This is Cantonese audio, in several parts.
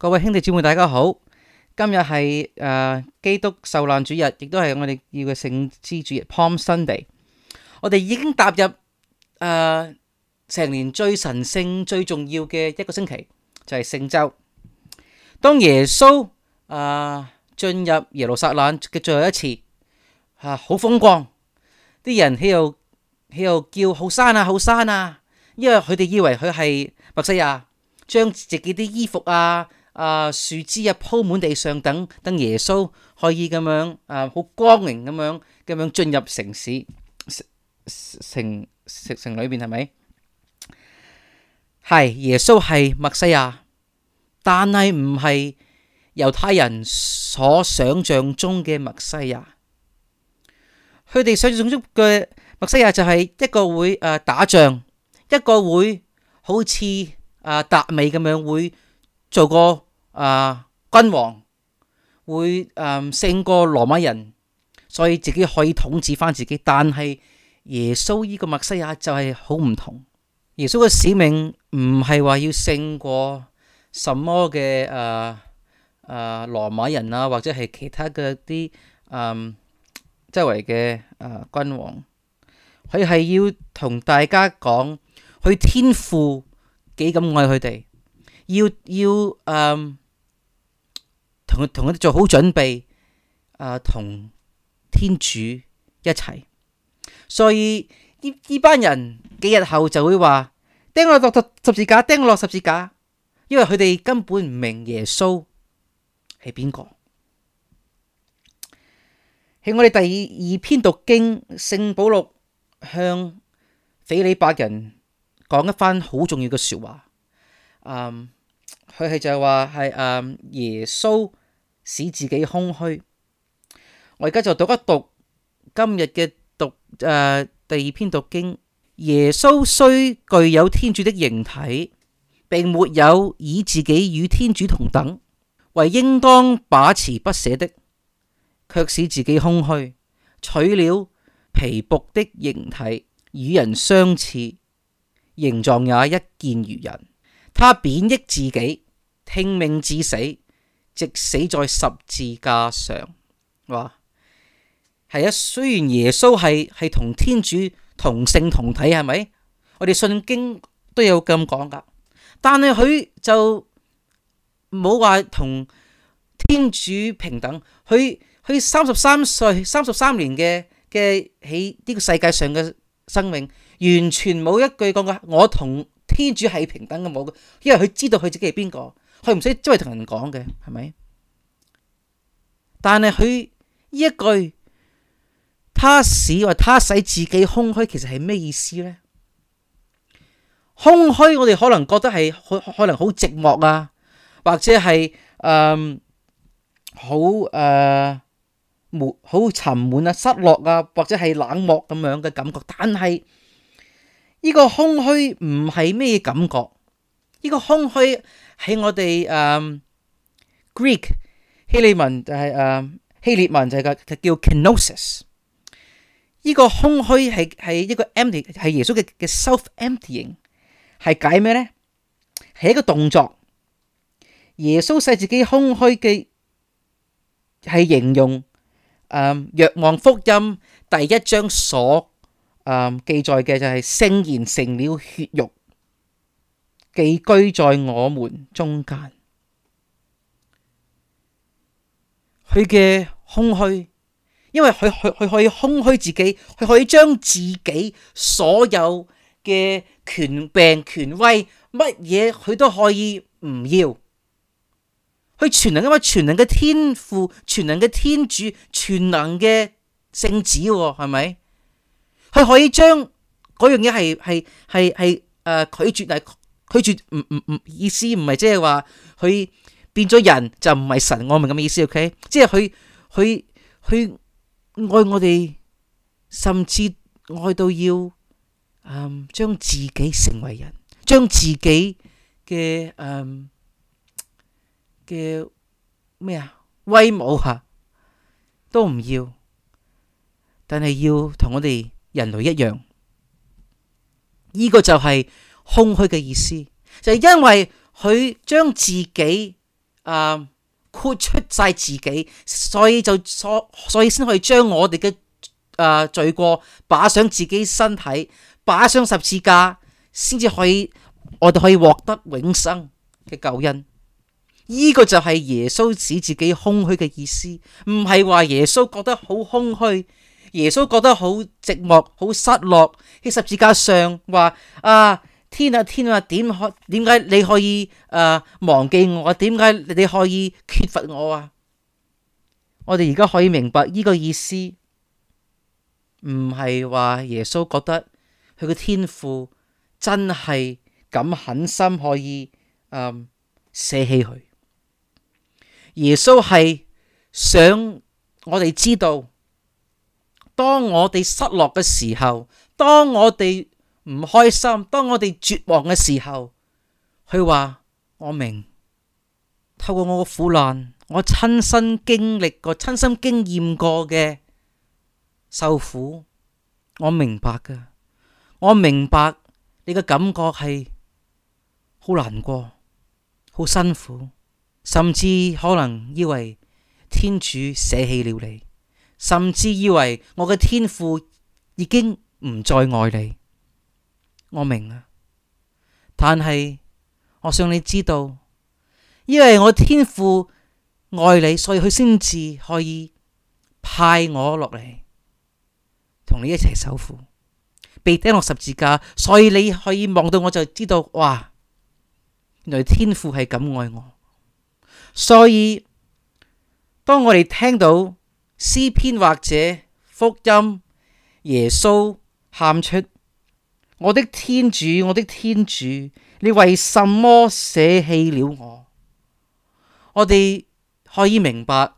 各位兄弟姊妹，大家好。今日係誒基督受難主日，亦都係我哋要嘅聖枝主日 （Palm Sunday）。我哋已經踏入誒成、呃、年最神聖、最重要嘅一個星期，就係、是、聖周。當耶穌啊、呃、進入耶路撒冷嘅最後一次吓，好、呃、風光，啲人喺度喺度叫賀三納啊賀三納啊，因為佢哋以為佢係默西亞將自己啲衣服啊。啊！樹枝啊，鋪滿地上，等等耶穌可以咁樣啊，好光榮咁樣咁樣進入城市城城城裏邊，係咪？係耶穌係默西亞，但係唔係猶太人所想象中嘅默西亞。佢哋想象中嘅默西亞就係一個會誒打仗，一個會好似啊達味咁樣會做個。啊，君王會誒勝、嗯、過羅馬人，所以自己可以統治翻自己。但係耶穌呢個默西亞就係好唔同，耶穌嘅使命唔係話要勝過什麼嘅誒誒羅馬人啊，或者係其他嘅啲、嗯、周圍嘅誒、啊、君王，佢係要同大家講，佢天父幾咁愛佢哋，要要誒。嗯同佢哋做好準備，誒、呃，同天主一齊。所以呢呢班人幾日後就會話，釘落十字架，釘落十字架。因為佢哋根本唔明耶穌係邊個。喺我哋第二篇讀經，聖保祿向斐理伯人講一番好重要嘅說話。嗯。佢係就係話係誒，耶穌使自己空虛。我而家就讀一讀今日嘅讀誒、呃、第二篇讀經。耶穌雖具有天主的形體，並沒有以自己與天主同等為應當把持不捨的，却使自己空虛，取了皮薄的形體與人相似，形狀也一見如人。他貶抑自己，聽命至死，直死在十字架上。話係啊，雖然耶穌係係同天主同性同體，係咪？我哋信經都有咁講噶，但係佢就冇話同天主平等。佢佢三十三歲，三十三年嘅嘅喺呢個世界上嘅生命，完全冇一句講過我同天主係平等嘅冇，因為佢知道佢自己係邊個。佢唔使即係同人講嘅，係咪？但係佢呢一句他使話他使自己空虛，其實係咩意思呢？空虛，我哋可能覺得係可能好寂寞啊，或者係誒好誒好沉悶啊、失落啊，或者係冷漠咁樣嘅感覺。但係呢個空虛唔係咩感覺？呢個空虛。喺我哋誒 Greek 希利文，就係誒希臘文，就係個就叫 Kenosis，呢個空虛係係一個 empty 係耶穌嘅嘅 self-emptying，係解咩咧？係一個動作，耶穌使自己空虛嘅係形容誒若望福音第一章所誒記載嘅就係聖言成了血肉。寄居在我們中間，佢嘅空虛，因為佢佢佢可以空虛自己，佢可以將自己所有嘅權柄、權威、乜嘢，佢都可以唔要。佢全能因為全能嘅天父，全能嘅天，天主，全能嘅聖子、哦，係咪？佢可以將嗰樣嘢係係係係誒拒絕嚟。佢絕唔唔唔，意思唔係即係話佢變咗人就唔係神，我明咁嘅意思，OK，即係佢佢佢愛我哋，甚至愛到要嗯將、呃、自己成為人，將自己嘅嘅咩啊威武吓都唔要，但係要同我哋人類一樣，呢、呢個就係、是。空虛嘅意思，就係、是、因為佢將自己誒、啊、豁出晒自己，所以就所所以先可以將我哋嘅誒罪過把上自己身體，把上十字架，先至可以我哋可以獲得永生嘅救恩。呢、這個就係耶穌使自己空虛嘅意思，唔係話耶穌覺得好空虛，耶穌覺得好寂寞、好失落喺十字架上話啊。天啊，天啊，點可點解你可以誒、呃、忘記我？點解你可以缺乏我啊？我哋而家可以明白呢個意思，唔係話耶穌覺得佢個天父真係咁狠心可以誒捨棄佢。耶穌係想我哋知道，當我哋失落嘅時候，當我哋。唔開心，當我哋絕望嘅時候，佢話我明，透過我個苦難，我親身經歷過、親身經驗過嘅受苦，我明白噶，我明白你嘅感覺係好難過、好辛苦，甚至可能以為天主捨棄了你，甚至以為我嘅天父已經唔再愛你。我明啦，但係我想你知道，因為我天父愛你，所以佢先至可以派我落嚟同你一齊受苦，被釘落十字架，所以你可以望到我就知道，哇！原來天父係咁愛我，所以當我哋聽到詩篇或者福音，耶穌喊出。我的天主，我的天主，你為什麼捨棄了我？我哋可以明白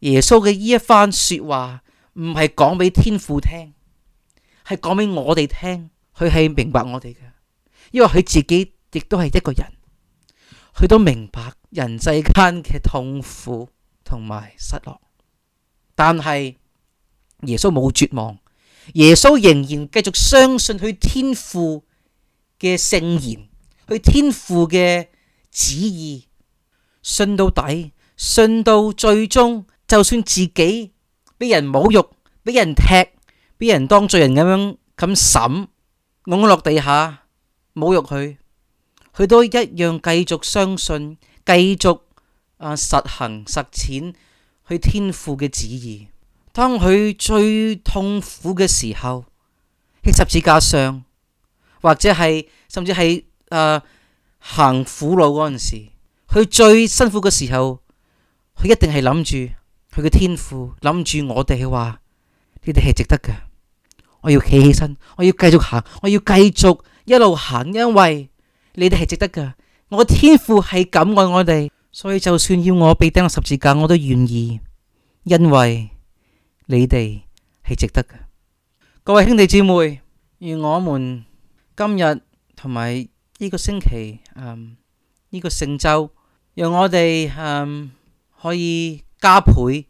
耶穌嘅呢一番說話，唔係講俾天父聽，係講俾我哋聽。佢係明白我哋嘅，因為佢自己亦都係一個人，佢都明白人世間嘅痛苦同埋失落。但係耶穌冇絕望。耶穌仍然繼續相信去天父嘅聖言，去天父嘅旨意，信到底，信到最終，就算自己俾人侮辱，俾人踢，俾人當罪人咁樣咁審，㧬落地下侮辱佢，佢都一樣繼續相信，繼續啊實行實踐去天父嘅旨意。當佢最痛苦嘅時候，喺十字架上，或者係甚至係誒行苦路嗰陣時，佢最辛苦嘅時候，佢一定係諗住佢嘅天父，諗住我哋話呢啲係值得嘅。我要企起身，我要繼續行，我要繼續一路行，因為你哋係值得嘅，我嘅天父係咁愛我哋，所以就算要我被釘喺十字架，我都願意，因為。你哋係值得嘅，各位兄弟姐妹，願我們今日同埋呢個星期，嗯，呢個聖周，讓我哋嗯可以加倍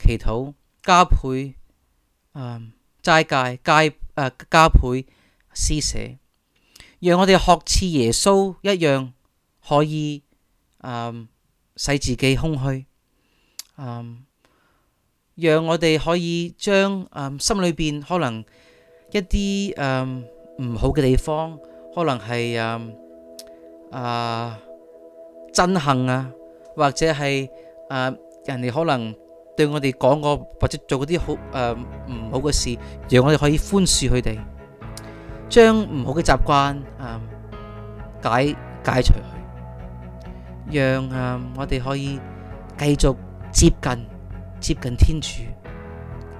祈禱，加倍嗯齋戒戒誒，加倍施捨，讓我哋學似耶穌一樣，可以嗯使自己空虛，嗯。讓我哋可以將誒心裏邊可能一啲誒唔好嘅地方，可能係誒啊憎恨啊，或者係誒人哋可能對我哋講過或者做嗰啲好誒唔好嘅事，讓我哋可以寬恕佢哋，將唔好嘅習慣誒解解除佢，讓誒我哋可以繼續接近，接近天主，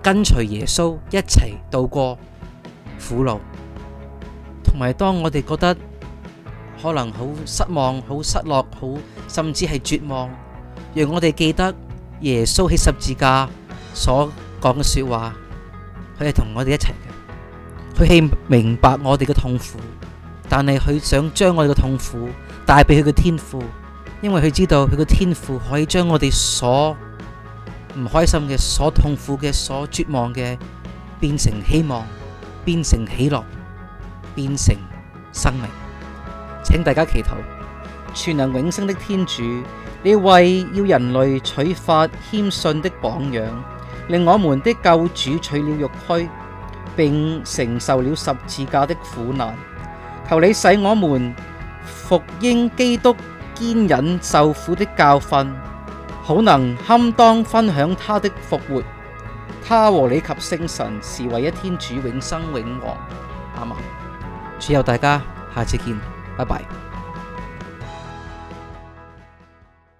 跟隨耶穌一齊度過苦路，同埋當我哋覺得可能好失望，好失落，好甚至係絕望，讓我哋記得耶穌喺十字架所講嘅說話，佢係同我哋一齊嘅。佢係明白我哋嘅痛苦，但係佢想將我哋嘅痛苦帶俾佢嘅天父，因為佢知道佢嘅天父可以將我哋所唔開心嘅，所痛苦嘅，所絕望嘅，變成希望，變成喜樂，變成生命。請大家祈禱，全能永生的天主，你為要人類取法謙遜的榜樣，令我們的救主取了肉軀，並承受了十字架的苦難。求你使我們服膺基督堅忍受苦的教訓。好能堪當分享他的復活，他和你及聖神是唯一天主，永生永王。阿門。需要大家下次見，拜拜。